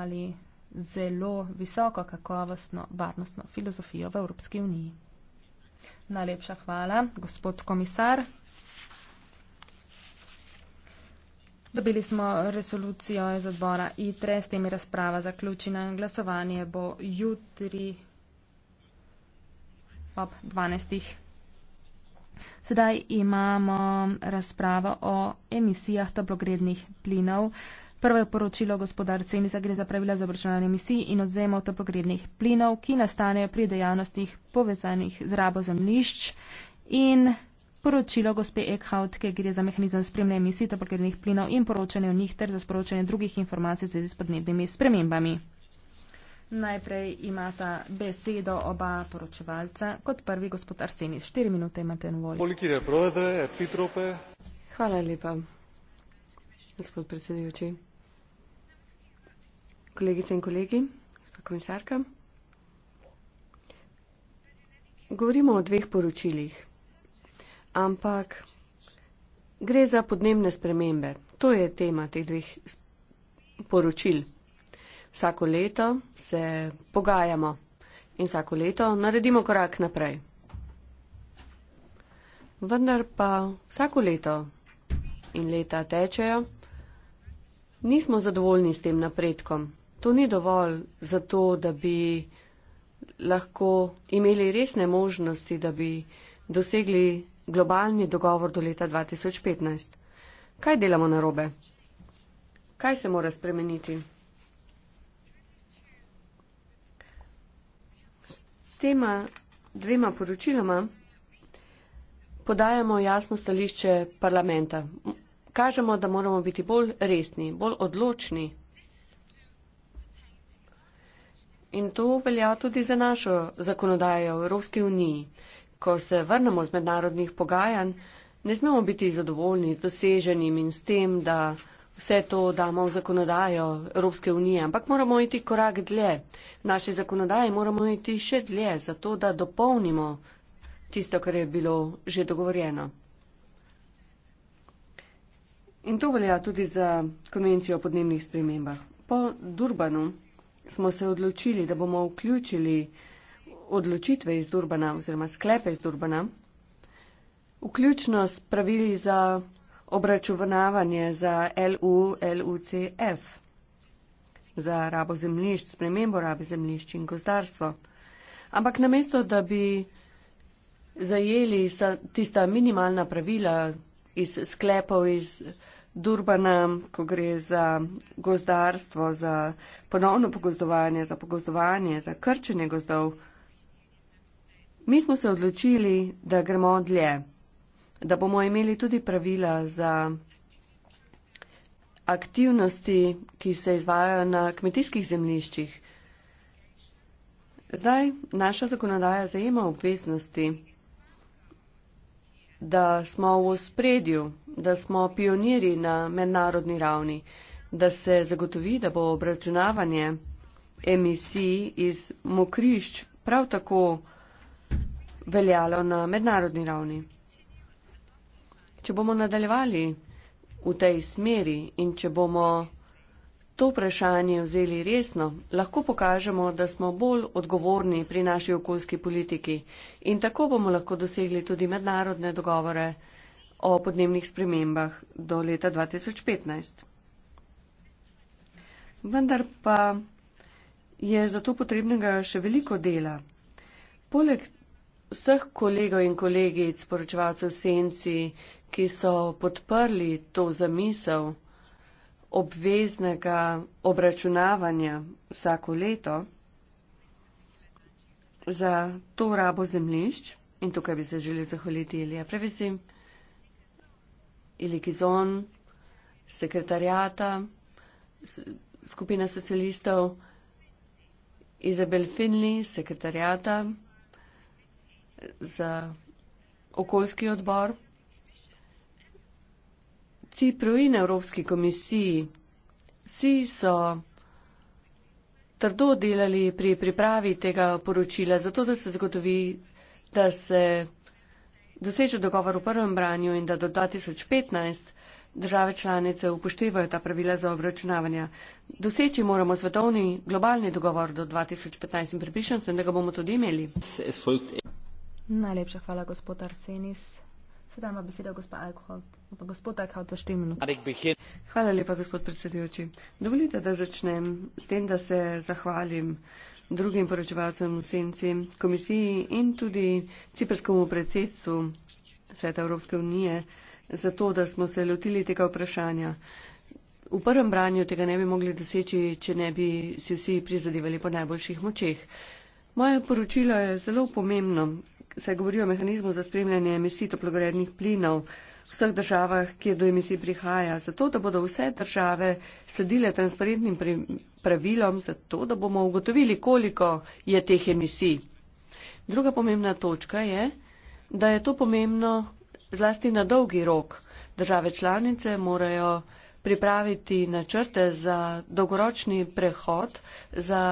ali zelo visoko kakovostno varnostno filozofijo v Evropski uniji. Najlepša hvala, gospod komisar. Dobili smo resolucijo iz odbora ITRE, s tem je razprava zaključena. Glasovanje bo jutri ob 12. Sedaj imamo razpravo o emisijah toplogrednih plinov. Prvo je poročilo gospodar Senisa gre za pravila za vrčevanje emisij in odzemov toplogrednih plinov, ki nastanejo pri dejavnostih povezanih z rabo zemlišč in poročilo gospe Eckhout, ki gre za mehanizem spremne emisij toplogrednih plinov in poročanje o njih ter za sporočanje drugih informacij v zvezi s podnebnimi spremembami. Najprej imata besedo oba poročevalca. Kot prvi gospodar Senis, štiri minute imate na voljo. Hvala lepa. Gospod predsedujoči kolegice in kolegi, komisarka. Govorimo o dveh poročilih, ampak gre za podnebne spremembe. To je tema teh dveh poročil. Vsako leto se pogajamo in vsako leto naredimo korak naprej. Vendar pa vsako leto in leta tečejo, nismo zadovoljni s tem napredkom, To ni dovolj za to, da bi lahko imeli resne možnosti, da bi dosegli globalni dogovor do leta 2015. Kaj delamo na robe? Kaj se mora spremeniti? S tema dvema poročiloma podajamo jasno stališče parlamenta. Kažemo, da moramo biti bolj resni, bolj odločni In to velja tudi za našo zakonodajo v Evropski uniji. Ko se vrnemo z mednarodnih pogajanj, ne smemo biti zadovoljni z doseženim in s tem, da vse to damo v zakonodajo Evropske unije, ampak moramo iti korak dlje. V naši zakonodaji moramo iti še dlje, zato da dopolnimo tisto, kar je bilo že dogovorjeno. In to velja tudi za konvencijo o podnebnih spremembah. Po Durbanu smo se odločili, da bomo vključili odločitve iz Durbana oziroma sklepe iz Durbana, vključno s pravili za obračunavanje za LU, LUCF, za rabo zemljišč, spremembo rabe zemljišč in gozdarstvo. Ampak namesto, da bi zajeli tista minimalna pravila iz sklepov, iz Durbana, ko gre za gozdarstvo, za ponovno pogozdovanje, za pogozdovanje, za krčenje gozdov. Mi smo se odločili, da gremo dlje, da bomo imeli tudi pravila za aktivnosti, ki se izvajajo na kmetijskih zemliščih. Zdaj naša zakonodaja zajema obveznosti da smo v spredju, da smo pioniri na mednarodni ravni, da se zagotovi, da bo obračunavanje emisij iz mokrišč prav tako veljalo na mednarodni ravni. Če bomo nadaljevali v tej smeri in če bomo to vprašanje vzeli resno, lahko pokažemo, da smo bolj odgovorni pri naši okoljski politiki in tako bomo lahko dosegli tudi mednarodne dogovore o podnebnih spremembah do leta 2015. Vendar pa je za to potrebnega še veliko dela. Poleg vseh kolegov in kolegic, poročevalcev senci, ki so podprli to zamisel, obveznega obračunavanja vsako leto za to rabo zemlišč in tukaj bi se želel zahvaliti Ilija Previzi, Ili Gizon, sekretarjata, skupina socialistov, Izabel Finli, sekretarjata eh, za okoljski odbor. Cipru in Evropski komisiji. Vsi so trdo delali pri pripravi tega poročila, zato da se zagotovi, da se doseže dogovor v prvem branju in da do 2015 države članice upoštevajo ta pravila za obračunavanja. Doseči moramo svetovni globalni dogovor do 2015 in pripričan sem, da ga bomo tudi imeli. Najlepša hvala, gospod Arsenis. Sedaj ima besedo gospod Eichhold. Gospod Eichhold za štiri minute. Hvala lepa, gospod predsedujoči. Dovolite, da začnem s tem, da se zahvalim drugim poročevalcem v senci, komisiji in tudi ciprskemu predsedstvu Sveta Evropske unije za to, da smo se lotili tega vprašanja. V prvem branju tega ne bi mogli doseči, če ne bi si vsi prizadevali po najboljših močeh. Moje poročilo je zelo pomembno se govori o mehanizmu za spremljanje emisij toplogrednih plinov v vseh državah, kjer do emisij prihaja, zato da bodo vse države sledile transparentnim pravilom, zato da bomo ugotovili, koliko je teh emisij. Druga pomembna točka je, da je to pomembno zlasti na dolgi rok. Države članice morajo pripraviti načrte za dolgoročni prehod za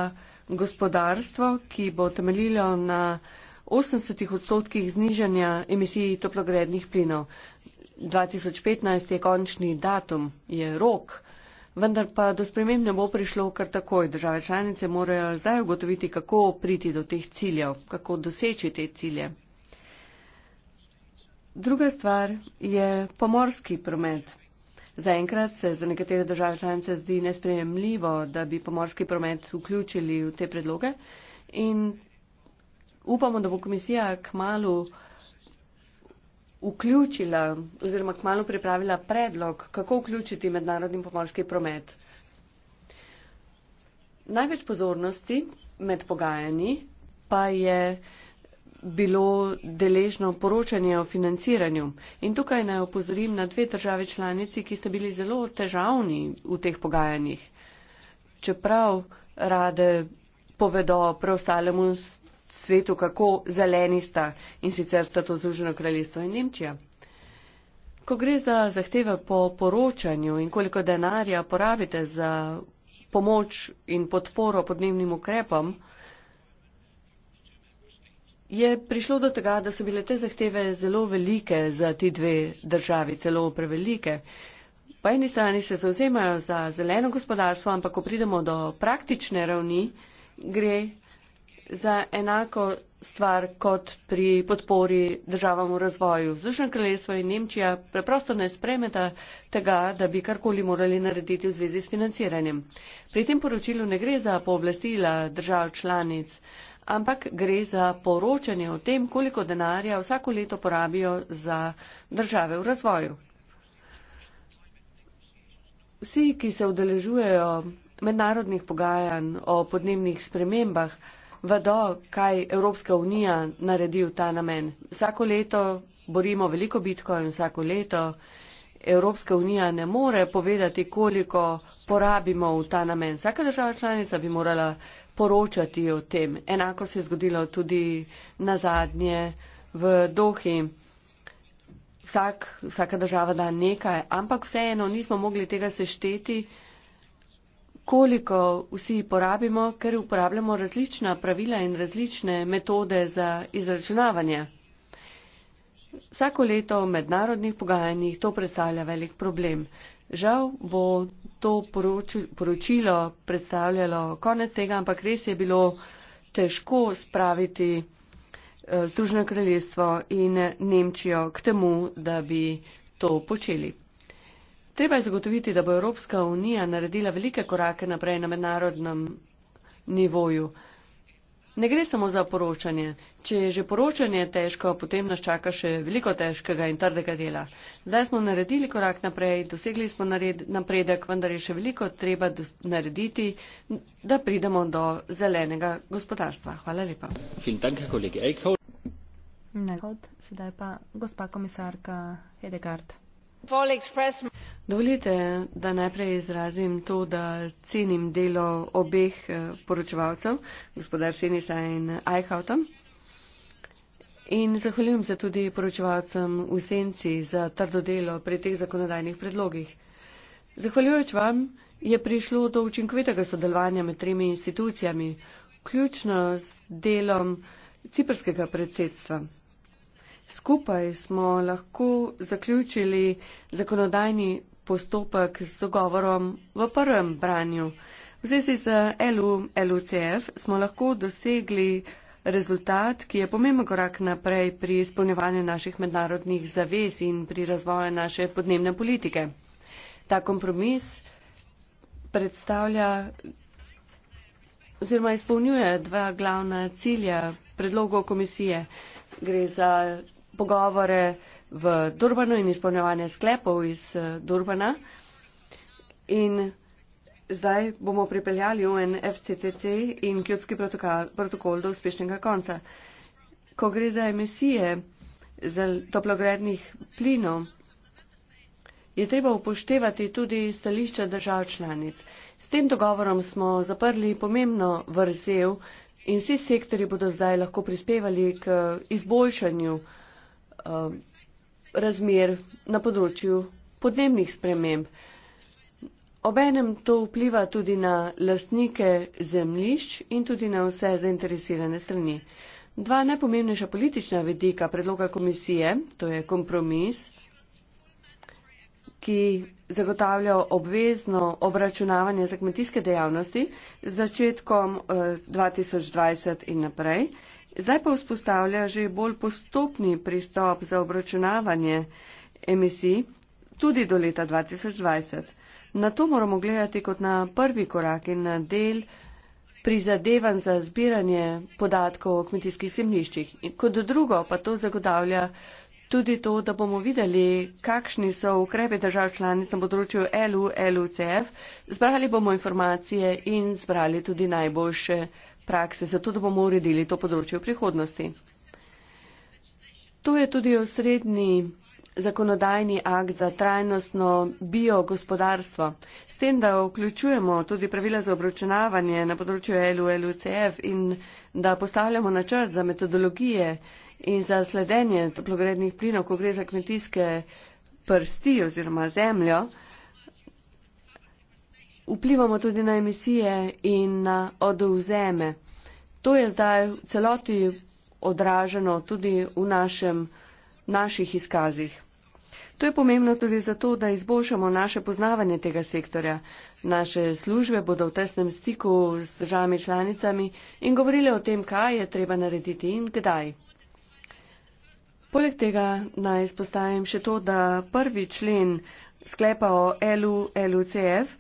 gospodarstvo, ki bo temeljilo na 80 odstotkih znižanja emisij toplogrednih plinov. 2015 je končni datum, je rok, vendar pa do sprememb ne bo prišlo kar takoj. Države članice morajo zdaj ugotoviti, kako priti do teh ciljev, kako doseči te cilje. Druga stvar je pomorski promet. Zaenkrat se za nekatere države članice zdi nespremljivo, da bi pomorski promet vključili v te predloge in upamo, da bo komisija kmalo vključila oziroma kmalo pripravila predlog, kako vključiti mednarodni pomorski promet. Največ pozornosti med pogajanji pa je bilo deležno poročanje o financiranju. In tukaj naj opozorim na dve države članici, ki sta bili zelo težavni v teh pogajanjih. Čeprav rade povedo preostalemu svetu, kako zeleni sta in sicer sta to Združeno kraljestvo in Nemčija. Ko gre za zahteve po poročanju in koliko denarja porabite za pomoč in podporo podnebnim ukrepom, je prišlo do tega, da so bile te zahteve zelo velike za ti dve državi, celo prevelike. Po eni strani se zauzemajo za zeleno gospodarstvo, ampak ko pridemo do praktične ravni, gre za enako stvar kot pri podpori državam v razvoju. Združeno kraljestvo in Nemčija preprosto ne spremeta tega, da bi karkoli morali narediti v zvezi s financiranjem. Pri tem poročilu ne gre za pooblastila držav članic, ampak gre za poročanje o tem, koliko denarja vsako leto porabijo za države v razvoju. Vsi, ki se udeležujejo mednarodnih pogajanj o podnebnih spremembah, vedo, kaj Evropska unija naredi v ta namen. Vsako leto borimo veliko bitko in vsako leto Evropska unija ne more povedati, koliko porabimo v ta namen. Vsaka država članica bi morala poročati o tem. Enako se je zgodilo tudi na zadnje v Dohi. Vsak, vsaka država da nekaj, ampak vseeno nismo mogli tega sešteti koliko vsi porabimo, ker uporabljamo različna pravila in različne metode za izračunavanje. Vsako leto v mednarodnih pogajanjih to predstavlja velik problem. Žal bo to poročilo predstavljalo konec tega, ampak res je bilo težko spraviti eh, Združeno kraljestvo in Nemčijo k temu, da bi to počeli. Treba je zagotoviti, da bo Evropska unija naredila velike korake naprej na mednarodnem nivoju. Ne gre samo za poročanje. Če je že poročanje težko, potem nas čaka še veliko težkega in trdega dela. Zdaj smo naredili korak naprej, dosegli smo napredek, vendar je še veliko treba narediti, da pridemo do zelenega gospodarstva. Hvala lepa. Najkot, sedaj pa gospa komisarka Hedegard. Dovolite, da najprej izrazim to, da cenim delo obeh eh, poročevalcev, gospodar Senisa in Eichhauta. In zahvaljujem se tudi poročevalcem v Senci za trdo delo pri teh zakonodajnih predlogih. Zahvaljujoč vam je prišlo do učinkovitega sodelovanja med tremi institucijami, ključno s delom ciprskega predsedstva. Skupaj smo lahko zaključili zakonodajni postopek z dogovorom v prvem branju. Vse si z LU, LUCF smo lahko dosegli rezultat, ki je pomemben korak naprej pri izpolnjevanju naših mednarodnih zavez in pri razvoju naše podnebne politike. Ta kompromis predstavlja oziroma izpolnjuje dva glavna cilja predlogov komisije. Gre za pogovore v Durbanu in izpolnjevanje sklepov iz eh, Durbana. In zdaj bomo pripeljali UNFCCC in kjotski protokol do uspešnega konca. Ko gre za emisije za toplogrednih plinov, je treba upoštevati tudi stališča držav članic. S tem dogovorom smo zaprli pomembno vrzel in vsi sektori bodo zdaj lahko prispevali k eh, izboljšanju Eh, razmer na področju podnebnih sprememb. Obenem to vpliva tudi na lastnike zemljišč in tudi na vse zainteresirane strani. Dva najpomembnejša politična vedika predloga komisije, to je kompromis, ki zagotavlja obvezno obračunavanje za kmetijske dejavnosti začetkom 2020 eh, in naprej Zdaj pa vzpostavlja že bolj postopni pristop za obračunavanje emisij tudi do leta 2020. Na to moramo gledati kot na prvi korak in na del prizadevan za zbiranje podatkov o kmetijskih zemljiščih. Kot drugo pa to zagotavlja tudi to, da bomo videli, kakšni so ukrepe držav članic na področju LU, LUCF. Zbrali bomo informacije in zbrali tudi najboljše prakse, zato da bomo uredili to področje v prihodnosti. To je tudi osrednji zakonodajni akt za trajnostno biogospodarstvo. S tem, da vključujemo tudi pravila za obračunavanje na področju LULCF in da postavljamo načrt za metodologije in za sledenje toplogrednih plinov, ko gre za kmetijske prsti oziroma zemljo, vplivamo tudi na emisije in na odovzeme. To je zdaj v celoti odraženo tudi v našem, naših izkazih. To je pomembno tudi zato, da izboljšamo naše poznavanje tega sektorja. Naše službe bodo v tesnem stiku s državami članicami in govorile o tem, kaj je treba narediti in kdaj. Poleg tega naj izpostavim še to, da prvi člen sklepa o LU, LUCF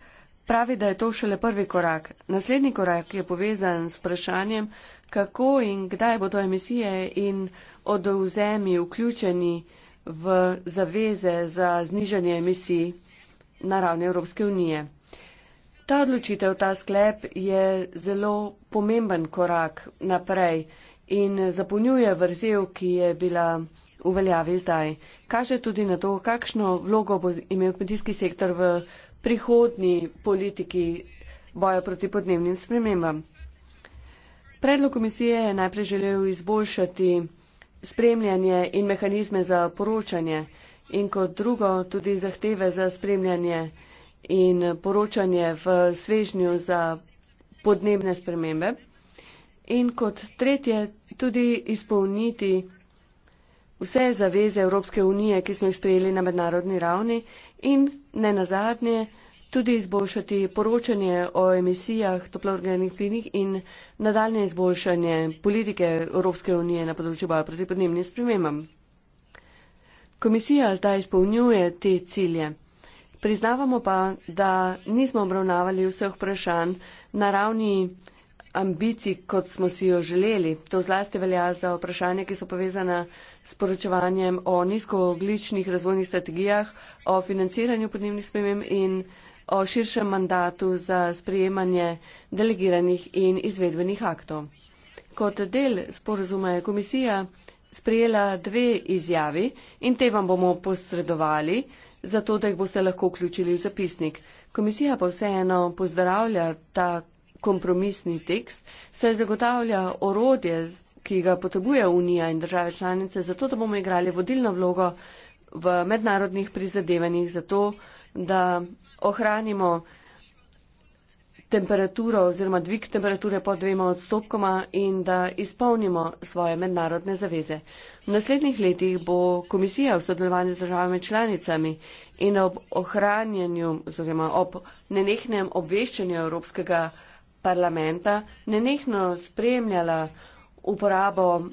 pravi, da je to šele prvi korak. Naslednji korak je povezan s vprašanjem, kako in kdaj bodo emisije in odovzemi vključeni v zaveze za znižanje emisij na ravni Evropske unije. Ta odločitev, ta sklep je zelo pomemben korak naprej in zapolnjuje vrzel, ki je bila uveljavi zdaj. Kaže tudi na to, kakšno vlogo bo imel kmetijski sektor v prihodni politiki boja proti podnebnim spremembam. Predlog komisije je najprej želel izboljšati spremljanje in mehanizme za poročanje in kot drugo tudi zahteve za spremljanje in poročanje v svežnju za podnebne spremembe in kot tretje tudi izpolniti vse zaveze Evropske unije, ki smo jih sprejeli na mednarodni ravni in ne nazadnje tudi izboljšati poročanje o emisijah toplogrenih plinih in nadaljne izboljšanje politike Evropske unije na področju boja proti podnebnim spremembam. Komisija zdaj izpolnjuje te cilje. Priznavamo pa, da nismo obravnavali vseh vprašanj na ravni ambicij, kot smo si jo želeli. To zlasti velja za vprašanje, ki so povezane s poročevanjem o nizkooglični razvojnih strategijah, o financiranju podnebnih sprememb in o širšem mandatu za sprejemanje delegiranih in izvedbenih aktov. Kot del sporozuma je komisija sprejela dve izjavi in te vam bomo posredovali, zato da jih boste lahko vključili v zapisnik. Komisija pa vseeno pozdravlja ta kompromisni tekst, saj zagotavlja orodje ki ga potrebuje Unija in države članice, zato da bomo igrali vodilno vlogo v mednarodnih prizadevanjih, zato da ohranimo temperaturo oziroma dvig temperature pod dvema odstopkoma in da izpolnimo svoje mednarodne zaveze. V naslednjih letih bo komisija v sodelovanju z državami članicami in ob ohranjanju oziroma ob nenehnem obveščanju Evropskega parlamenta nenehno spremljala uporabo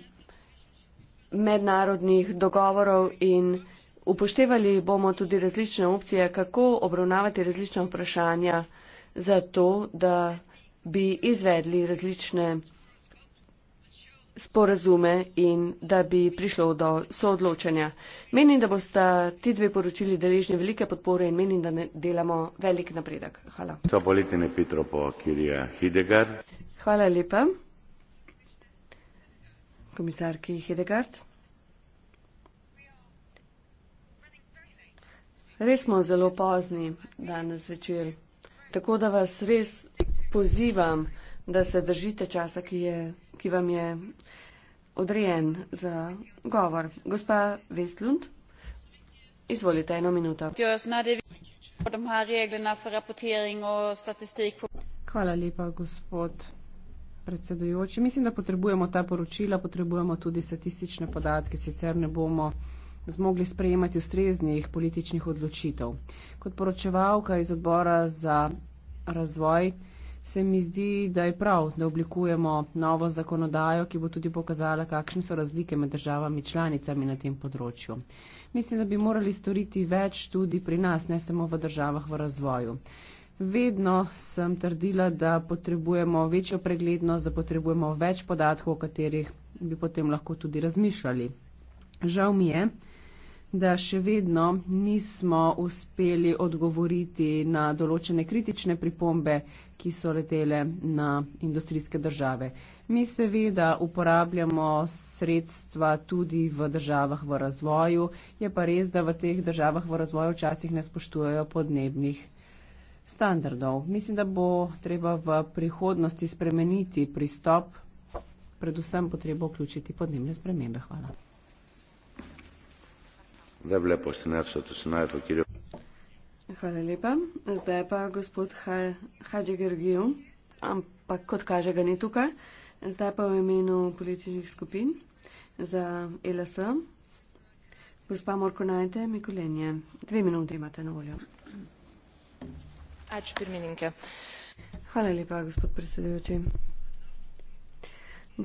mednarodnih dogovorov in upoštevali bomo tudi različne opcije, kako obravnavati različna vprašanja za to, da bi izvedli različne sporazume in da bi prišlo do soodločanja. Menim, da boste ti dve poročili deležni velike podpore in menim, da delamo velik napredek. Hvala. Hvala lepa komisarki Hedegard. Res smo zelo pozni danes večer, tako da vas res pozivam, da se držite časa, ki, je, ki vam je odrejen za govor. Gospa Vestlund, izvolite eno minuto. Hvala lepa, gospod predsedujoči. Mislim, da potrebujemo ta poročila, potrebujemo tudi statistične podatke, sicer ne bomo zmogli sprejemati ustreznih političnih odločitev. Kot poročevalka iz odbora za razvoj se mi zdi, da je prav, da oblikujemo novo zakonodajo, ki bo tudi pokazala, kakšne so razlike med državami članicami na tem področju. Mislim, da bi morali storiti več tudi pri nas, ne samo v državah v razvoju. Vedno sem trdila, da potrebujemo večjo preglednost, da potrebujemo več podatkov, o katerih bi potem lahko tudi razmišljali. Žal mi je, da še vedno nismo uspeli odgovoriti na določene kritične pripombe, ki so letele na industrijske države. Mi seveda uporabljamo sredstva tudi v državah v razvoju, je pa res, da v teh državah v razvoju včasih ne spoštujejo podnebnih standardov. Mislim, da bo treba v prihodnosti spremeniti pristop, predvsem potrebo vključiti podnebne spremembe. Hvala. Hvala lepa. Zdaj pa gospod Hadži Gergiju, ampak kot kaže ga ni tukaj. Zdaj pa v imenu političnih skupin za LS. Gospa Morko najte, Mikulenje. Dve minute imate na voljo. Thank you. Ačiū pirmininkė. Hvala lepa, gospod predsedujoči.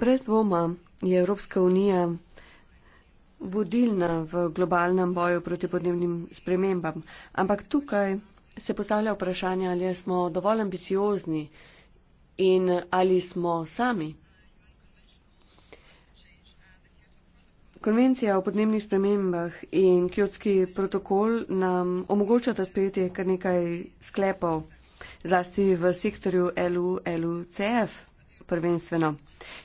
Brez dvoma je Evropska unija vodilna v globalnem boju proti podnebnim spremembam. Ampak tukaj se postavlja vprašanje, ali smo dovolj ambiciozni in ali smo sami Konvencija o podnebnih spremembah in kjotski protokol nam omogočata sprejeti kar nekaj sklepov, zlasti v sektorju LULCF prvenstveno.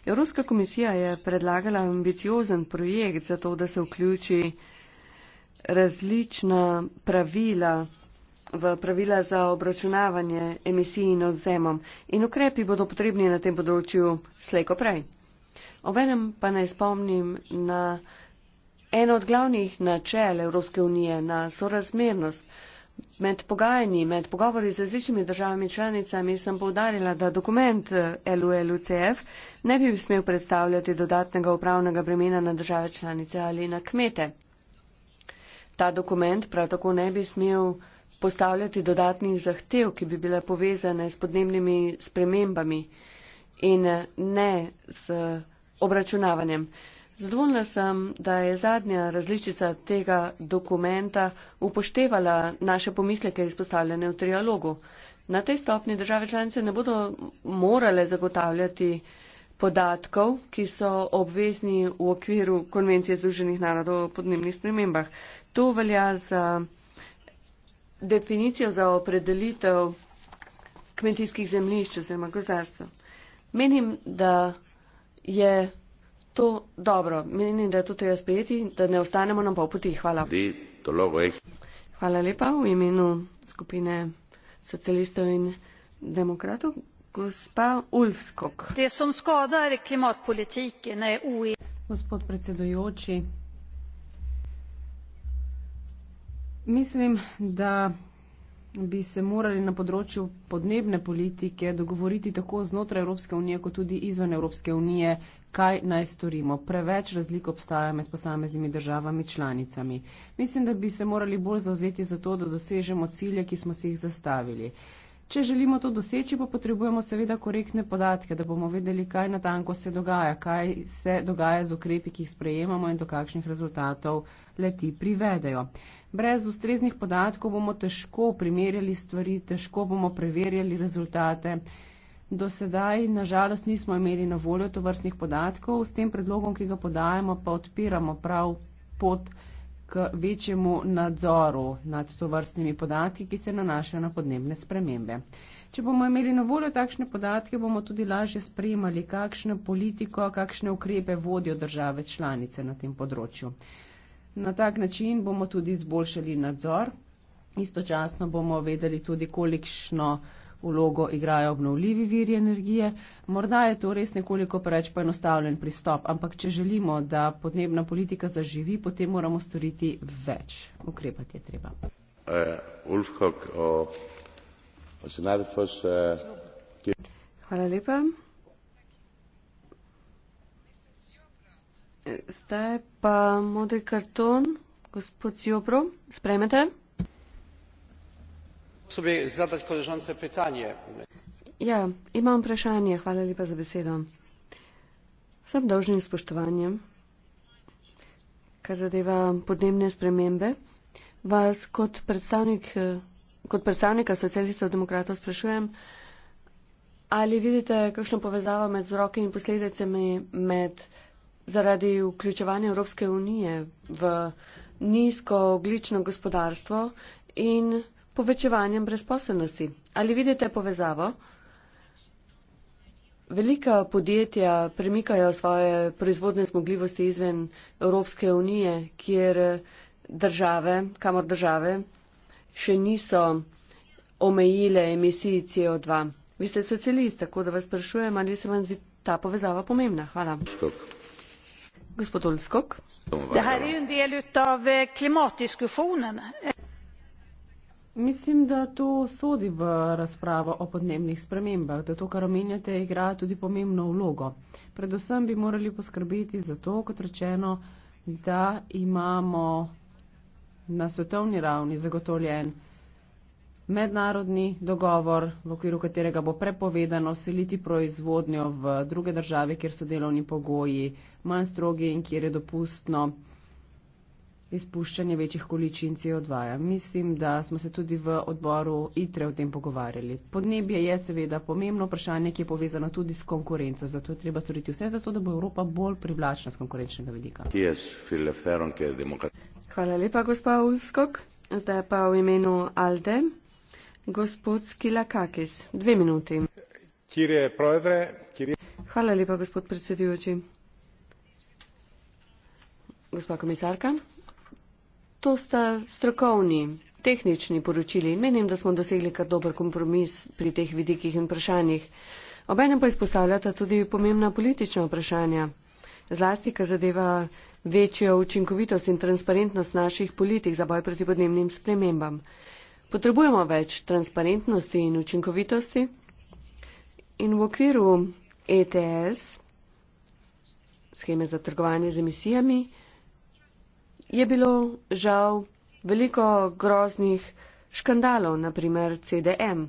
Evropska komisija je predlagala ambiciozen projekt za to, da se vključi različna pravila v pravila za obračunavanje emisij in odzemom. In ukrepi bodo potrebni na tem področju slejko prej. Obenem pa naj spomnim na eno od glavnih načel Evropske unije, na sorazmernost. Med pogajanji, med pogovori z različnimi državami članicami sem povdarjala, da dokument eh, LULCF ne bi smel predstavljati dodatnega upravnega bremena na države članice ali na kmete. Ta dokument prav tako ne bi smel postavljati dodatnih zahtev, ki bi bile povezane s podnebnimi spremembami in eh, ne s obračunavanjem. Zadovoljna sem, da je zadnja različica tega dokumenta upoštevala naše pomisleke izpostavljene v trialogu. Na tej stopni države članice ne bodo morale zagotavljati podatkov, ki so obvezni v okviru konvencije Združenih narodov o podnebnih spremembah. To velja za definicijo za opredelitev kmetijskih zemljišč oziroma gozdarstva. Menim, da je to dobro. Menim, da je to treba sprejeti, da ne ostanemo na pol poti. Hvala. Hvala lepa v imenu skupine socialistov in demokratov. Gospa Ulfskog. Gospod predsedujoči, mislim, da bi se morali na področju podnebne politike dogovoriti tako znotraj Evropske unije, kot tudi izven Evropske unije, kaj naj storimo. Preveč razlik obstaja med posameznimi državami članicami. Mislim, da bi se morali bolj zauzeti za to, da dosežemo cilje, ki smo si jih zastavili. Če želimo to doseči, pa potrebujemo seveda korektne podatke, da bomo vedeli, kaj na tanko se dogaja, kaj se dogaja z ukrepi, ki jih sprejemamo in do kakšnih rezultatov leti privedejo. Brez ustreznih podatkov bomo težko primerjali stvari, težko bomo preverjali rezultate. Do sedaj, nažalost, nismo imeli na voljo tovrstnih podatkov, s tem predlogom, ki ga podajamo, pa odpiramo prav pot k večjemu nadzoru nad tovrstnimi podatki, ki se nanašajo na podnebne spremembe. Če bomo imeli na voljo takšne podatke, bomo tudi lažje sprejemali, kakšno politiko, kakšne ukrepe vodijo države članice na tem področju. Na tak način bomo tudi izboljšali nadzor, istočasno bomo vedeli tudi, kolikšno vlogo igrajo obnovljivi viri energije. Morda je to res nekoliko preveč poenostavljen pristop, ampak če želimo, da podnebna politika zaživi, potem moramo storiti več. Ukrepati je treba. Hvala lepa. Zdaj pa modri karton, gospod Ziobro, sprejmete. Sobi zadať koležance pitanje. Ja, imam vprašanje, hvala lepa za besedo. Sem dolžnim spoštovanjem, kar zadeva podnebne spremembe. Vas kot, predstavnik, kot predstavnika socialistov demokratov sprašujem, ali vidite kakšno povezavo med vzroki in posledicami med zaradi vključevanja Evropske unije v nizkooglično gospodarstvo in povečevanjem brezposobnosti. Ali vidite povezavo? Velika podjetja premikajo svoje proizvodne zmogljivosti izven Evropske unije, kjer države, kamor države, še niso omejile emisij CO2. Vi ste socialist, tako da vas sprašujem, ali se vam zdi ta povezava pomembna. Hvala. Škok. Gospod Olskog. Det här är ju en del av eh, klimatdiskussionen. Mislim, da to sodi v razpravo o podnebnih spremembah, da to, kar omenjate, igra tudi pomembno vlogo. Predvsem bi morali poskrbeti za to, kot rečeno, da imamo na svetovni ravni zagotovljen mednarodni dogovor, v okviru katerega bo prepovedano seliti proizvodnjo v druge države, kjer so delovni pogoji manj strogi in kjer je dopustno izpuščanje večjih količin CO2. Ja, mislim, da smo se tudi v odboru ITRE o tem pogovarjali. Podnebje je seveda pomembno vprašanje, ki je povezano tudi s konkurenco. Zato je treba storiti vse za to, da bo Evropa bolj privlačna z konkurenčnega vidika. Yes, Hvala lepa, gospod Ulskog. Zdaj pa v imenu Alde. Gospod Skilakakis, dve minuti. Kirje proedre, kirje. Hvala lepa, gospod predsedujoči. Gospa komisarka, to sta strokovni, tehnični poročili. Menim, da smo dosegli kar dober kompromis pri teh vidikih in vprašanjih. Obenem pa izpostavljata tudi pomembna politična vprašanja. Zlasti, kar zadeva večjo učinkovitost in transparentnost naših politik za boj proti podnebnim spremembam. Potrebujemo več transparentnosti in učinkovitosti in v okviru ETS, scheme za trgovanje z emisijami, je bilo žal veliko groznih škandalov, naprimer CDM.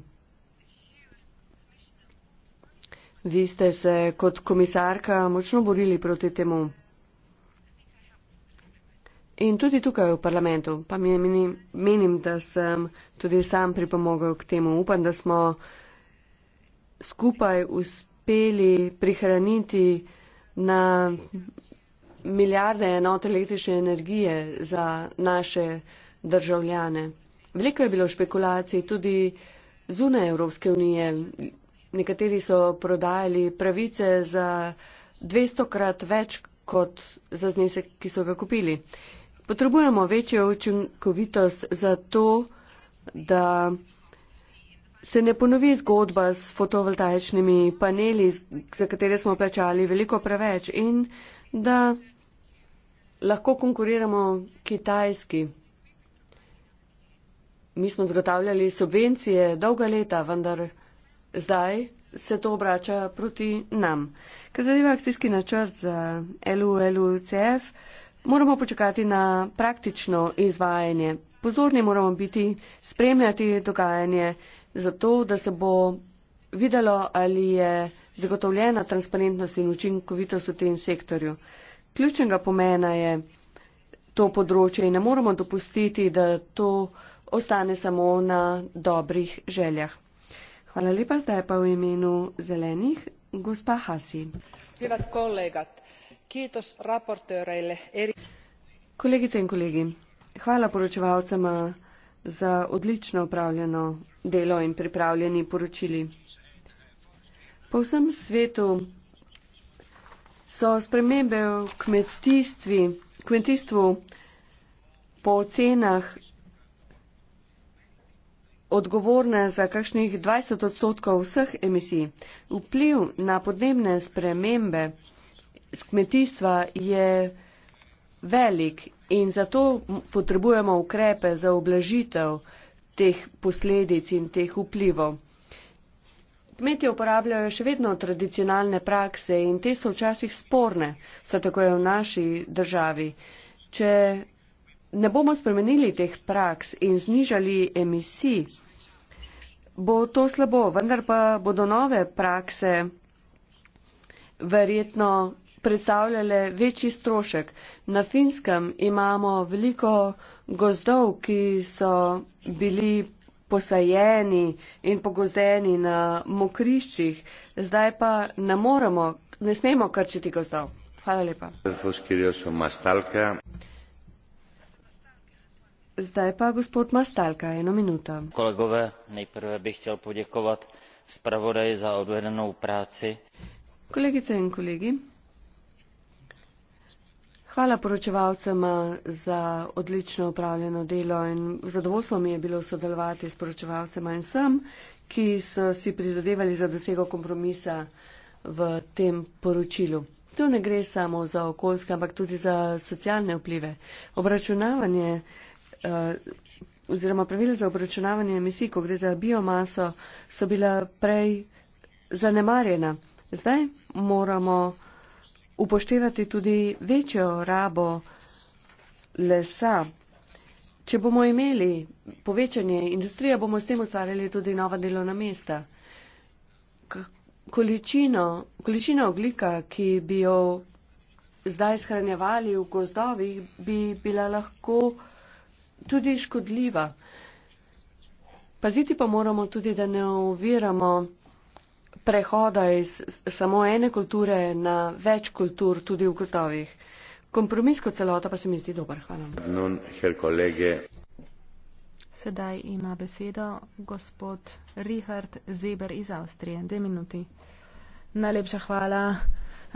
Vi ste se kot komisarka močno borili proti temu In tudi tukaj v parlamentu, pa meni, menim, da sem tudi sam pripomogel k temu. Upam, da smo skupaj uspeli prihraniti na milijarde enot električne energije za naše državljane. Veliko je bilo špekulacij tudi zunaj Evropske unije. Nekateri so prodajali pravice za 200 krat več kot za znesek, ki so ga kupili. Potrebujemo večjo učinkovitost za to, da se ne ponovi zgodba s fotovoltaičnimi paneli, za katere smo plačali veliko preveč in da lahko konkuriramo kitajski. Mi smo zagotavljali subvencije dolga leta, vendar zdaj se to obrača proti nam. Kaj zadeva akcijski načrt za LULCF? LU, moramo počakati na praktično izvajanje. Pozorni moramo biti, spremljati dogajanje, zato da se bo videlo, ali je zagotovljena transparentnost in učinkovitost v tem sektorju. Ključnega pomena je to področje in ne moramo dopustiti, da to ostane samo na dobrih željah. Hvala lepa, zdaj pa v imenu zelenih, gospa Hasi. Hvala, kolegat. Kolegice in kolegi, hvala poročevalcema za odlično upravljeno delo in pripravljeni poročili. Po vsem svetu so spremembe v kmetijstvu po ocenah odgovorne za kakšnih 20 odstotkov vseh emisij. Vpliv na podnebne spremembe s kmetijstva je velik in zato potrebujemo ukrepe za oblažitev teh posledic in teh vplivov. Kmetje uporabljajo še vedno tradicionalne prakse in te so včasih sporne, so tako je v naši državi. Če ne bomo spremenili teh praks in znižali emisij, bo to slabo, vendar pa bodo nove prakse verjetno predstavljale večji strošek. Na finskem imamo veliko gozdov, ki so bili posajeni in pogozdeni na mokriščih, zdaj pa ne moremo, ne smemo krčiti gozdov. Hvala lepa. Zdaj pa gospod Mastalka, eno minuto. Kolegove, najprve bih htjel poděkovat spravodaji za odvedenou práci. Kolegice in kolegi, Hvala poročevalcema za odlično upravljeno delo in zadovoljstvo mi je bilo sodelovati s poročevalcema in sem, ki so si prizadevali za dosego kompromisa v tem poročilu. To ne gre samo za okoljske, ampak tudi za socialne vplive. Obračunavanje eh, oziroma pravila za obračunavanje emisij, ko gre za biomaso, so bila prej zanemarjena. Zdaj moramo upoštevati tudi večjo rabo lesa. Če bomo imeli povečanje industrije, bomo s tem ustvarjali tudi nova delovna mesta. K količino, količino oglika, ki bi jo zdaj shranjevali v gozdovih, bi bila lahko tudi škodljiva. Paziti pa moramo tudi, da ne oviramo prehoda iz samo ene kulture na več kultur tudi v gotovih. Kompromis kot celota pa se mi zdi dober. Hvala. Nun, Sedaj ima besedo gospod Richard Zeber iz Avstrije. Dve minuti. Najlepša hvala,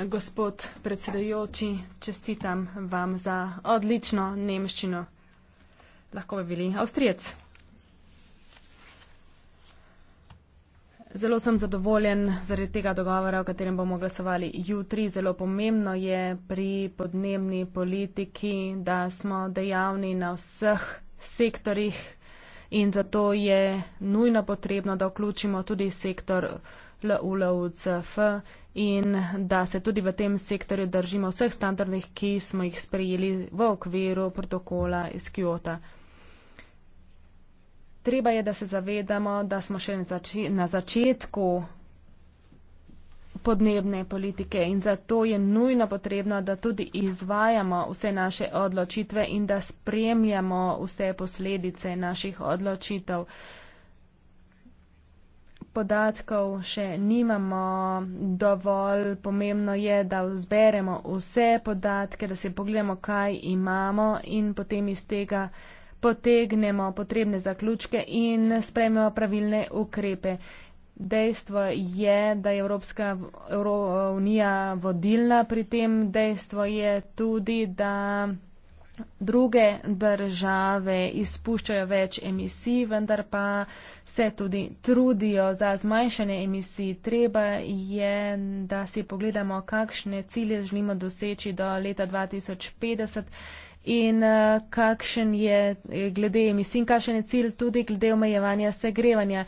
gospod predsedujoči. Čestitam vam za odlično nemščino. Lahko bi bili Avstrijec. Zelo sem zadovoljen zaradi tega dogovora, o katerem bomo glasovali jutri. Zelo pomembno je pri podnebni politiki, da smo dejavni na vseh sektorjih in zato je nujno potrebno, da vključimo tudi sektor LULCF in da se tudi v tem sektorju držimo vseh standardih, ki smo jih sprejeli v okviru protokola iz Kyoto treba je, da se zavedamo, da smo še na začetku podnebne politike in zato je nujno potrebno, da tudi izvajamo vse naše odločitve in da spremljamo vse posledice naših odločitev. Podatkov še nimamo dovolj, pomembno je, da vzberemo vse podatke, da se pogledamo, kaj imamo in potem iz tega potegnemo potrebne zaključke in sprejmemo pravilne ukrepe. Dejstvo je, da je Evropska Evro unija vodilna pri tem. Dejstvo je tudi, da druge države izpuščajo več emisij, vendar pa se tudi trudijo za zmanjšanje emisij. Treba je, da si pogledamo, kakšne cilje želimo doseči do leta 2050 in eh, kakšen je eh, glede emisij in kakšen je cilj tudi glede omejevanja segrevanja.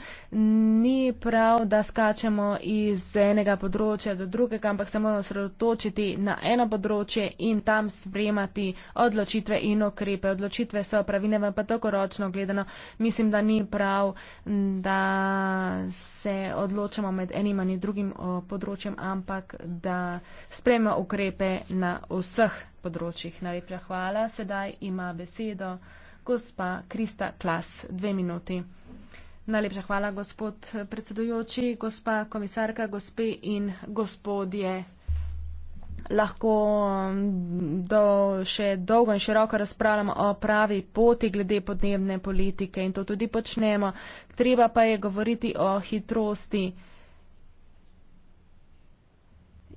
Ni prav, da skačemo iz enega področja do drugega, ampak se moramo sredotočiti na eno področje in tam spremati odločitve in okrepe. Odločitve so pravine, pa tako ročno gledano. Mislim, da ni prav, da se odločamo med enim in drugim področjem, ampak da spremljamo ukrepe na vseh področjih. Najlepša hvala. Sedaj ima besedo gospa Krista Klas. Dve minuti. Najlepša hvala, gospod predsedujoči, gospa komisarka, gospe in gospodje. Lahko mm, do še dolgo in široko razpravljamo o pravi poti glede podnebne politike in to tudi počnemo. Treba pa je govoriti o hitrosti.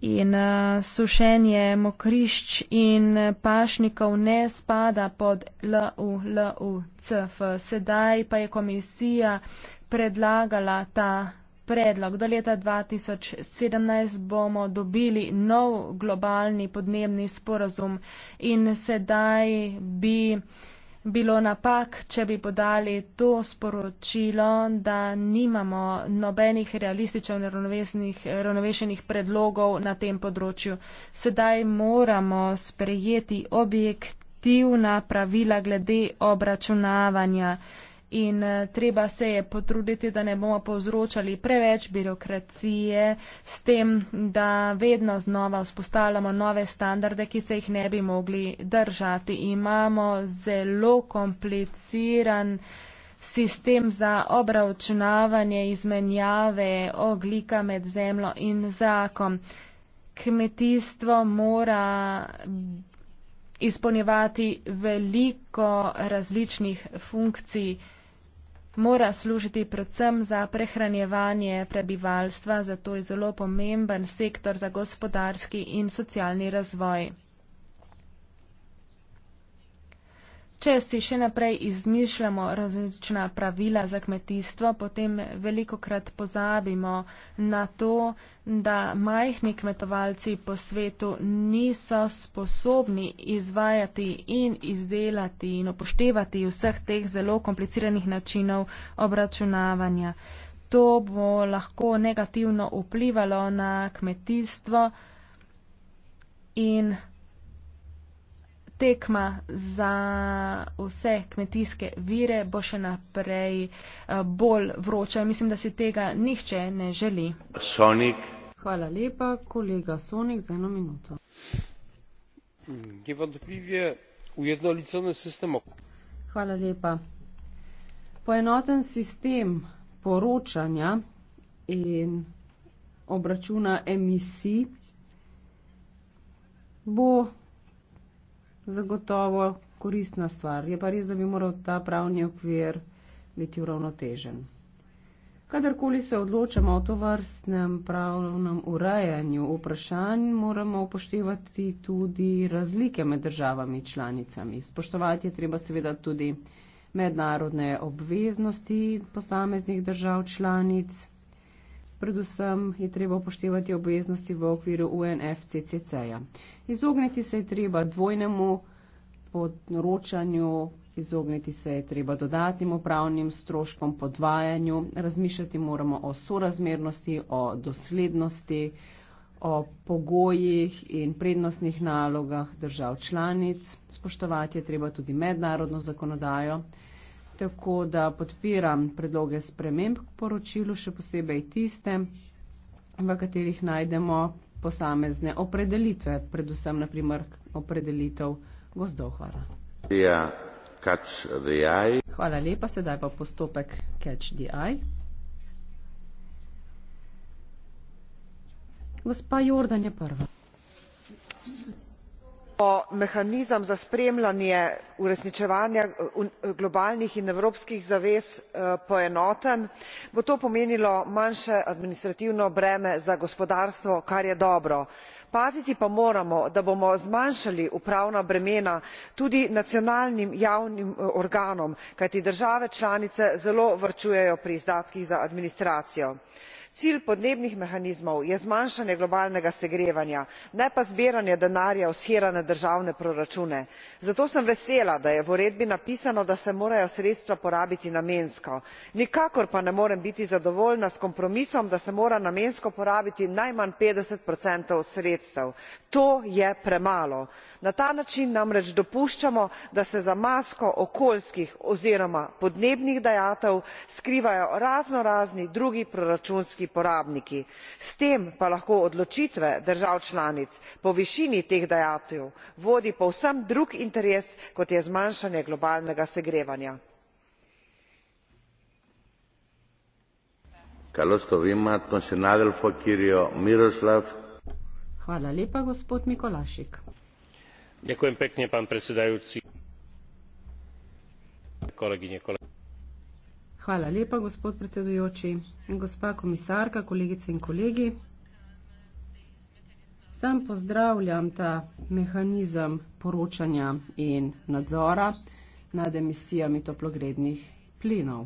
In uh, sušenje mokrišč in pašnikov ne spada pod LULUCF. Sedaj pa je komisija predlagala ta predlog. Do leta 2017 bomo dobili nov globalni podnebni sporazum in sedaj bi uh, bilo napak, če bi podali to sporočilo, da nimamo nobenih realističev in ravnovešenih predlogov na tem področju. Sedaj moramo sprejeti objektivna pravila glede obračunavanja in eh, treba se je potruditi, da ne bomo povzročali preveč birokracije s tem, da vedno znova vzpostavljamo nove standarde, ki se jih ne bi mogli držati. Imamo zelo kompliciran sistem za obravčnavanje izmenjave oglika med zemljo in zrakom. Kmetijstvo mora izpolnjevati veliko različnih funkcij, mora služiti predvsem za prehranjevanje prebivalstva, zato je zelo pomemben sektor za gospodarski in socialni razvoj. Če si še naprej izmišljamo različna pravila za kmetijstvo, potem veliko krat pozabimo na to, da majhni kmetovalci po svetu niso sposobni izvajati in izdelati in upoštevati vseh teh zelo kompliciranih načinov obračunavanja. To bo lahko negativno vplivalo na kmetijstvo in tekma za vse kmetijske vire bo še naprej eh, bolj vroča. Mislim, da si tega nihče ne želi. Sonik. Hvala lepa, kolega Sonik, za eno minuto. Nevadljivje ujednolicene sistemo. Hvala lepa. Poenoten sistem poročanja in obračuna emisij bo zagotovo koristna stvar. Je pa res, da bi moral ta pravni okvir biti uravnotežen. Kadarkoli se odločamo o to vrstnem pravnem urejanju vprašanj, moramo upoštevati tudi razlike med državami članicami. Spoštovati je treba seveda tudi mednarodne obveznosti posameznih držav članic. Predvsem je treba upoštevati obveznosti v okviru UNFCCC-ja. Izogniti se je treba dvojnemu podnoročanju, izogniti se je treba dodatnim upravnim stroškom podvajanju, razmišljati moramo o sorazmernosti, o doslednosti, o pogojih in prednostnih nalogah držav članic, spoštovati je treba tudi mednarodno zakonodajo tako da podpiram predloge sprememb k poročilu, še posebej tiste, v katerih najdemo posamezne opredelitve, predvsem naprimer opredelitev gozdov. Hvala. Ja, catch the eye. Hvala lepa, sedaj pa postopek Catch the Eye. Gospa Jordan je prva bo mehanizem za spremljanje uresničevanja uh, uh, globalnih in evropskih zavez uh, poenoten bo to pomenilo manjše administrativno breme za gospodarstvo kar je dobro. paziti pa moramo da bomo zmanjšali upravna bremena tudi nacionalnim javnim organom kajti države članice zelo varčujejo pri izdatkih za administracijo cilj podnebnih mehanizmov je zmanjšanje globalnega segrevanja ne pa zbiranje denarja v shirane državne proračune zato sem vesela da je v uredbi napisano da se morajo sredstva porabiti namensko nikakor pa ne morem biti zadovoljna s kompromisom da se mora namensko porabiti najmanj petdeset sredstev to je premalo na ta način namreč dopuščamo da se za masko okoljskih oziroma podnebnih dajatev skrivajo raznorazni drugi proračunski porabniki s tem pa lahko odločitve držav članic po višini teh dajatev vodi povsem drug interes kot je zmanjšanje globalnega segrevanja. Hvala lepa, gospod Mikolašik. Ďakujem pekne, pán predsedajúci. Kolegyne, kolegy. Hvala lepa, gospod predsedujoči. Gospa komisarka, kolegice in kolegi, sam pozdravljam ta mehanizem poročanja in nadzora nad emisijami toplogrednih plinov.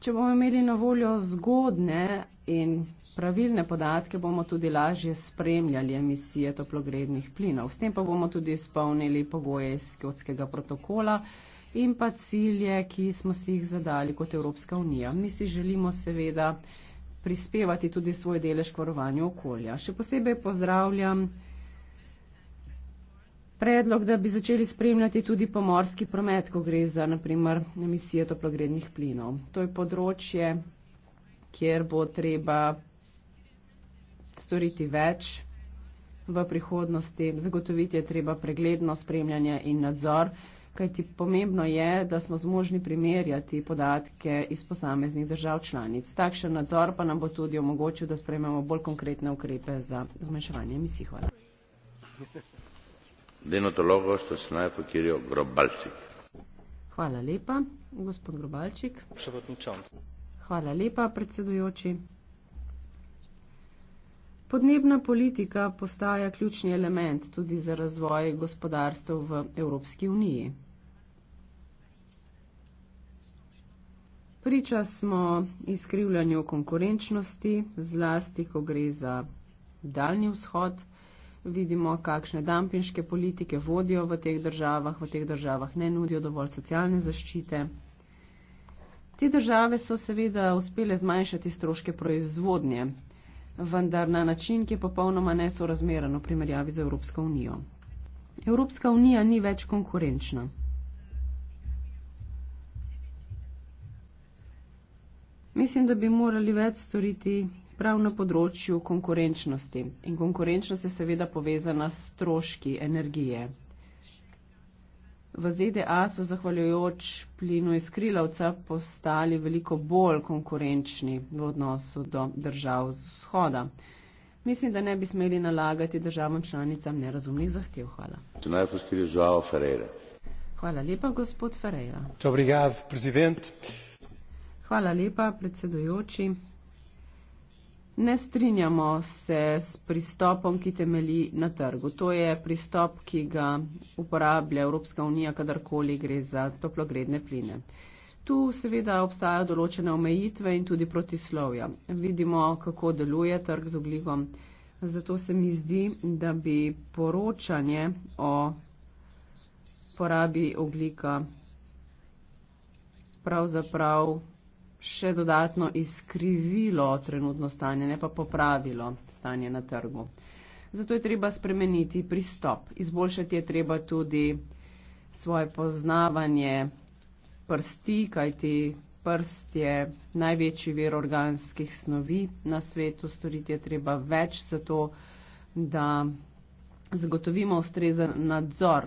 Če bomo imeli na voljo zgodne in pravilne podatke, bomo tudi lažje spremljali emisije toplogrednih plinov. S tem pa bomo tudi izpolnili pogoje iz Kjotskega protokola, in pa cilje, ki smo si jih zadali kot Evropska unija. Mi si želimo seveda prispevati tudi svoj delež k varovanju okolja. Še posebej pozdravljam predlog, da bi začeli spremljati tudi pomorski promet, ko gre za naprimer emisije toplogrednih plinov. To je področje, kjer bo treba storiti več v prihodnosti. Zagotoviti je treba pregledno spremljanje in nadzor kajti pomembno je, da smo zmožni primerjati podatke iz posameznih držav članic. Takšen nadzor pa nam bo tudi omogočil, da sprememo bolj konkretne ukrepe za zmanjševanje emisij. Hvala. Hvala lepa, gospod Grobalčik. Hvala lepa, predsedujoči. Podnebna politika postaja ključni element tudi za razvoj gospodarstva v Evropski uniji. Priča smo izkrivljanju konkurenčnosti, zlasti, ko gre za daljni vzhod. Vidimo, kakšne dampinške politike vodijo v teh državah, v teh državah ne nudijo dovolj socialne zaščite. Te države so seveda uspele zmanjšati stroške proizvodnje, vendar na način, ki je popolnoma nesorazmeren v primerjavi z Evropsko unijo. Evropska unija ni več konkurenčna. Mislim, da bi morali več storiti prav na področju konkurenčnosti. In konkurenčnost je seveda povezana s stroški energije. V ZDA so zahvaljujoč plinu iz krilavca postali veliko bolj konkurenčni v odnosu do držav z vzhoda. Mislim, da ne bi smeli nalagati državam članicam nerazumnih zahtev. Hvala. Hvala lepa, gospod Ferreira. Dobrigav, predsednik. Hvala lepa, predsedujoči. Ne strinjamo se s pristopom, ki temeli na trgu. To je pristop, ki ga uporablja Evropska unija, kadarkoli gre za toplogredne pline. Tu seveda obstajajo določene omejitve in tudi protislovja. Vidimo, kako deluje trg z oglikom. Zato se mi zdi, da bi poročanje o porabi oglika pravzaprav še dodatno izkrivilo trenutno stanje, ne pa popravilo stanje na trgu. Zato je treba spremeniti pristop. Izboljšati je treba tudi svoje poznavanje prsti, kajti prst je največji vir organskih snovi na svetu. Storiti je treba več za to, da zagotovimo ustrezen nadzor.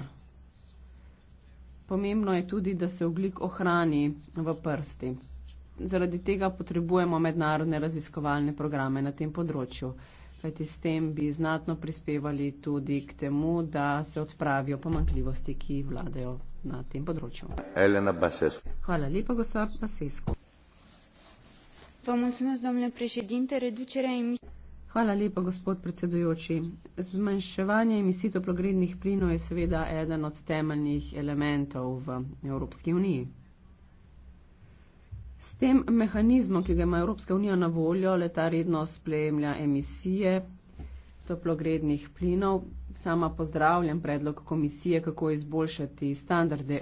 Pomembno je tudi, da se oglik ohrani v prsti zaradi tega potrebujemo mednarodne raziskovalne programe na tem področju. Kajti s tem bi znatno prispevali tudi k temu, da se odpravijo pomankljivosti, ki vladajo na tem področju. Elena Basesko. Hvala lepa, gospod Basesko. Vam mulțumesc, domnule președinte, reducerea emisij. Hvala lepa, gospod predsedujoči. Zmanjševanje emisij toplogrednih plinov je seveda eden od temeljnih elementov v Evropski uniji. S tem mehanizmom, ki ga ima Evropska unija na voljo, leta redno spremlja emisije toplogrednih plinov. Sama pozdravljam predlog komisije, kako izboljšati standarde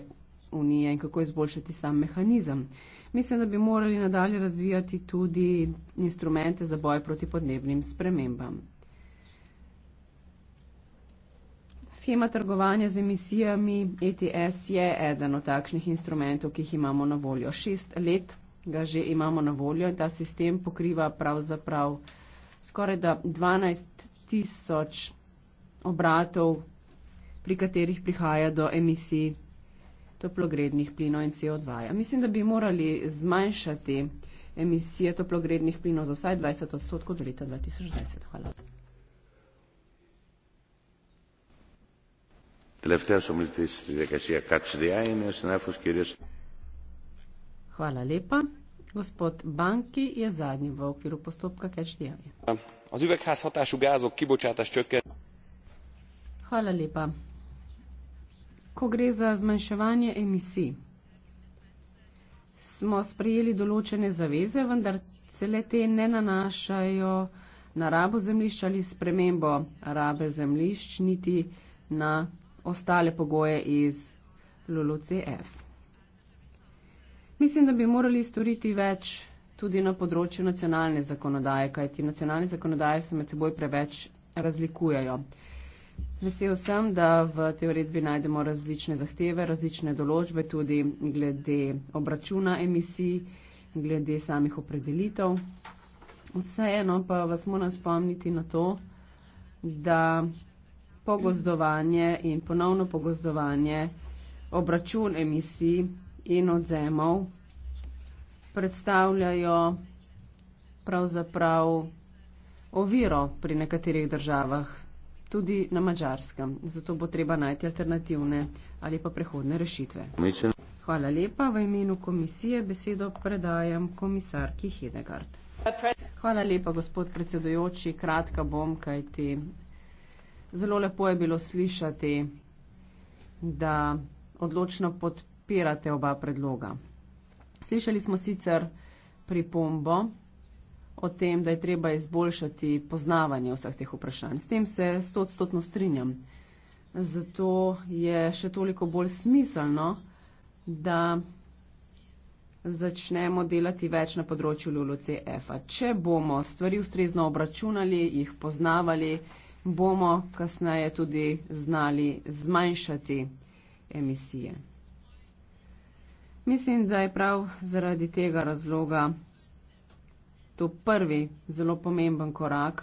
unije in kako izboljšati sam mehanizem. Mislim, da bi morali nadalje razvijati tudi instrumente za boj proti podnebnim spremembam. Schema trgovanja z emisijami ETS je eden od takšnih instrumentov, ki jih imamo na voljo šest let ga že imamo na voljo in ta sistem pokriva pravzaprav skoraj da 12 tisoč obratov, pri katerih prihaja do emisij toplogrednih plinov in CO2. -ja. Mislim, da bi morali zmanjšati emisije toplogrednih plinov za vsaj 20 odstotkov do leta 2020. Hvala. Τελευταία ομιλητή στη διαδικασία Catch the Eye είναι ο συνάδελφο κύριο. Χαλαλέπα. Gospod Banki je zadnji v okviru postopka Kečdijami. Az üvegház hatású gázok kibocsátás csökken. Hvala lepa. Ko gre za zmanjševanje emisij, smo sprejeli določene zaveze, vendar cele te ne nanašajo na rabo zemlišča ali spremembo rabe zemlišč, niti na ostale pogoje iz LULUCF. Mislim, da bi morali storiti več tudi na področju nacionalne zakonodaje, kajti nacionalne zakonodaje se med seboj preveč razlikujejo. Vesel sem, da v tej uredbi najdemo različne zahteve, različne določbe tudi glede obračuna emisij, glede samih opredelitev. Vseeno pa vas moram spomniti na to, da pogozdovanje in ponovno pogozdovanje, obračun emisij in odzemov predstavljajo pravzaprav oviro pri nekaterih državah, tudi na Mačarskem. Zato bo treba najti alternativne ali pa prehodne rešitve. Hvala lepa. V imenu komisije besedo predajam komisarki Hedegard. Hvala lepa, gospod predsedujoči. Kratka bom, kaj ti. Zelo lepo je bilo slišati, da odločno podpiramo podpirate oba predloga. Slišali smo sicer pripombo o tem, da je treba izboljšati poznavanje vseh teh vprašanj. S tem se stotstotno strinjam. Zato je še toliko bolj smiselno, da začnemo delati več na področju LULUCF-a. Če bomo stvari ustrezno obračunali, jih poznavali, bomo kasneje tudi znali zmanjšati emisije. Mislim, da je prav zaradi tega razloga to prvi zelo pomemben korak.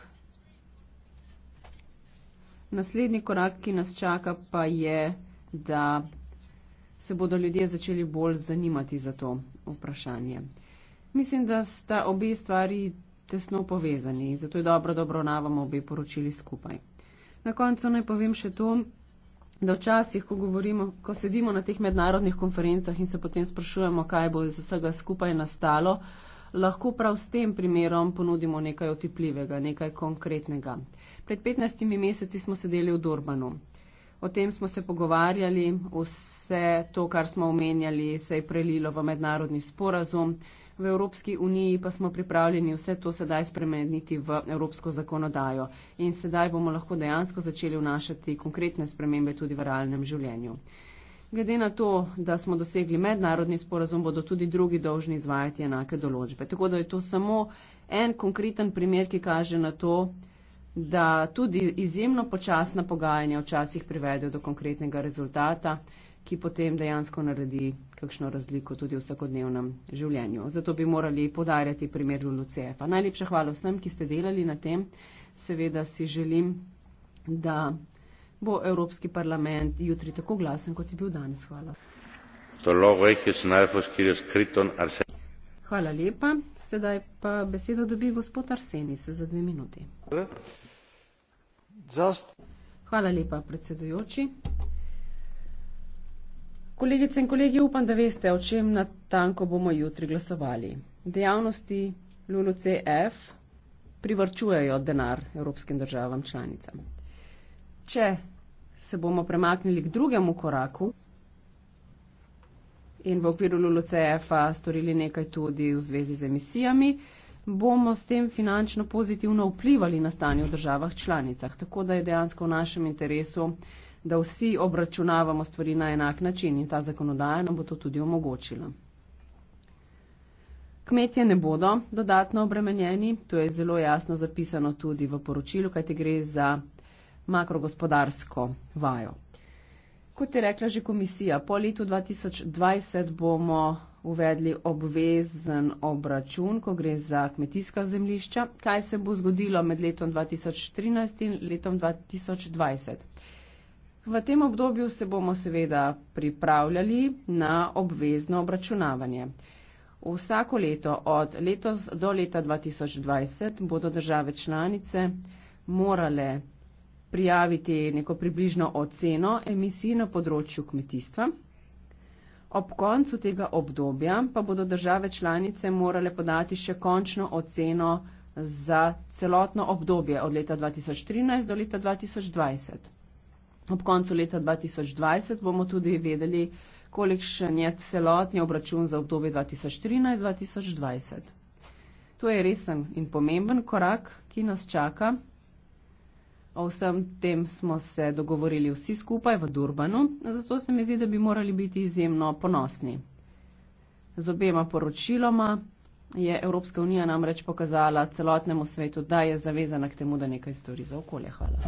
Naslednji korak, ki nas čaka, pa je, da se bodo ljudje začeli bolj zanimati za to vprašanje. Mislim, da sta obe stvari tesno povezani in zato je dobro, da obravnavamo obe poročili skupaj. Na koncu naj povem še to, da včasih, ko govorimo, ko sedimo na teh mednarodnih konferencah in se potem sprašujemo, kaj bo iz vsega skupaj nastalo, lahko prav s tem primerom ponudimo nekaj otipljivega, nekaj konkretnega. Pred 15 meseci smo sedeli v Durbanu. O tem smo se pogovarjali, vse to, kar smo omenjali, se je prelilo v mednarodni sporazum v Evropski uniji pa smo pripravljeni vse to sedaj spremeniti v evropsko zakonodajo. In sedaj bomo lahko dejansko začeli vnašati konkretne spremembe tudi v realnem življenju. Glede na to, da smo dosegli mednarodni sporazum, bodo tudi drugi dolžni izvajati enake določbe. Tako da je to samo en konkreten primer, ki kaže na to, da tudi izjemno počasna pogajanja včasih privedejo do konkretnega rezultata ki potem dejansko naredi kakšno razliko tudi v vsakodnevnem življenju. Zato bi morali podarjati primer LUCF-a. Najlepša hvala vsem, ki ste delali na tem. Seveda si želim, da bo Evropski parlament jutri tako glasen, kot je bil danes. Hvala. Hvala lepa. Sedaj pa besedo dobi gospod Arsenis za dve minuti. Hvala lepa, predsedujoči. Kolegice in kolegi, upam, da veste, o čem natanko bomo jutri glasovali. Dejavnosti LULUCF privrčujejo denar evropskim državam članicam. Če se bomo premaknili k drugemu koraku in v okviru LULUCF-a storili nekaj tudi v zvezi z emisijami, bomo s tem finančno pozitivno vplivali na stanje v državah članicah. Tako da je dejansko v našem interesu da vsi obračunavamo stvari na enak način in ta zakonodaja nam bo to tudi omogočila. Kmetje ne bodo dodatno obremenjeni, to je zelo jasno zapisano tudi v poročilu, kajte gre za makrogospodarsko vajo. Kot je rekla že komisija, po letu 2020 bomo uvedli obvezen obračun, ko gre za kmetijska zemlišča. Kaj se bo zgodilo med letom 2013 in letom 2020? V tem obdobju se bomo seveda pripravljali na obvezno obračunavanje. Vsako leto od letos do leta 2020 bodo države članice morale prijaviti neko približno oceno emisij na področju kmetijstva. Ob koncu tega obdobja pa bodo države članice morale podati še končno oceno za celotno obdobje od leta 2013 do leta 2020. Ob koncu leta 2020 bomo tudi vedeli, kolikšen je celotni obračun za obdobje 2013-2020. To je resen in pomemben korak, ki nas čaka. O vsem tem smo se dogovorili vsi skupaj v Durbanu, zato se mi zdi, da bi morali biti izjemno ponosni. Z obema poročiloma je Evropska unija namreč pokazala celotnemu svetu, da je zavezana k temu, da nekaj stori za okolje. Hvala.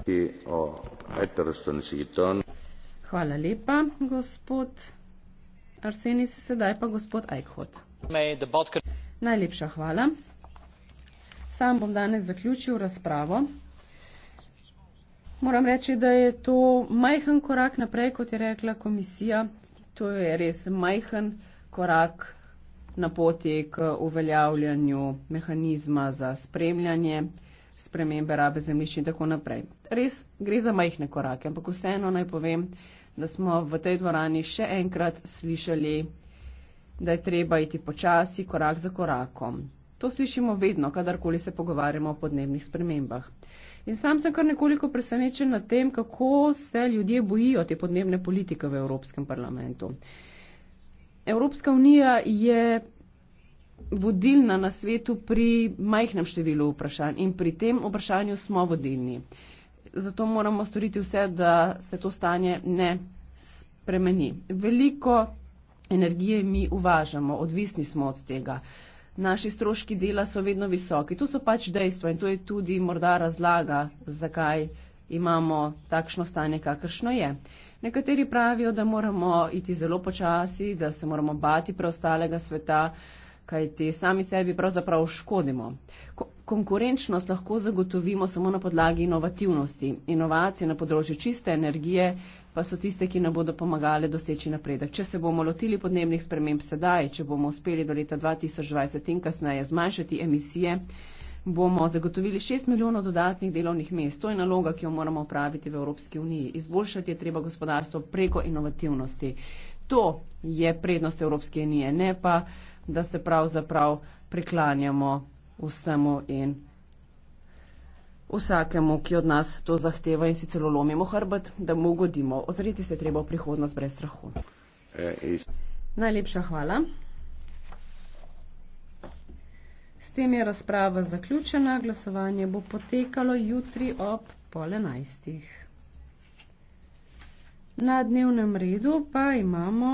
Hvala lepa, gospod Arsenis, sedaj pa gospod Eichhot. Najlepša hvala. Sam bom danes zaključil razpravo. Moram reči, da je to majhen korak naprej, kot je rekla komisija. To je res majhen korak naprej na poti k uveljavljanju mehanizma za spremljanje, spremembe rabe zemljišča in tako naprej. Res gre za majhne korake, ampak vseeno naj povem, da smo v tej dvorani še enkrat slišali, da je treba iti počasi, korak za korakom. To slišimo vedno, kadarkoli se pogovarjamo o podnebnih spremembah. In sam sem kar nekoliko presenečen nad tem, kako se ljudje bojijo te podnebne politike v Evropskem parlamentu. Evropska unija je vodilna na svetu pri majhnem številu vprašanj in pri tem vprašanju smo vodilni. Zato moramo storiti vse, da se to stanje ne spremeni. Veliko energije mi uvažamo, odvisni smo od tega. Naši stroški dela so vedno visoki. To so pač dejstva in to je tudi morda razlaga, zakaj imamo takšno stanje, kakršno je. Uh, Nekateri pravijo, da moramo iti zelo počasi, da se moramo bati preostalega sveta, kajti sami sebi pravzaprav škodimo. Ko konkurenčnost lahko zagotovimo samo na podlagi inovativnosti. Inovacije na področju čiste energije pa so tiste, ki nam bodo pomagale doseči napredek. Če se bomo lotili podnebnih sprememb sedaj, če bomo uspeli do leta 2020 in kasneje zmanjšati emisije, bomo zagotovili 6 milijonov dodatnih delovnih mest. To je naloga, ki jo moramo opraviti v Evropski uniji. Izboljšati je treba gospodarstvo preko inovativnosti. To je prednost Evropske unije, ne pa, da se pravzaprav preklanjamo vsemu in vsakemu, ki od nas to zahteva in si celo lomimo hrbet, da mu godimo. Ozreti se treba v prihodnost brez strahu. Eh, Najlepša hvala. S tem je razprava zaključena, glasovanje bo potekalo jutri ob pol enajstih. Na dnevnem redu pa imamo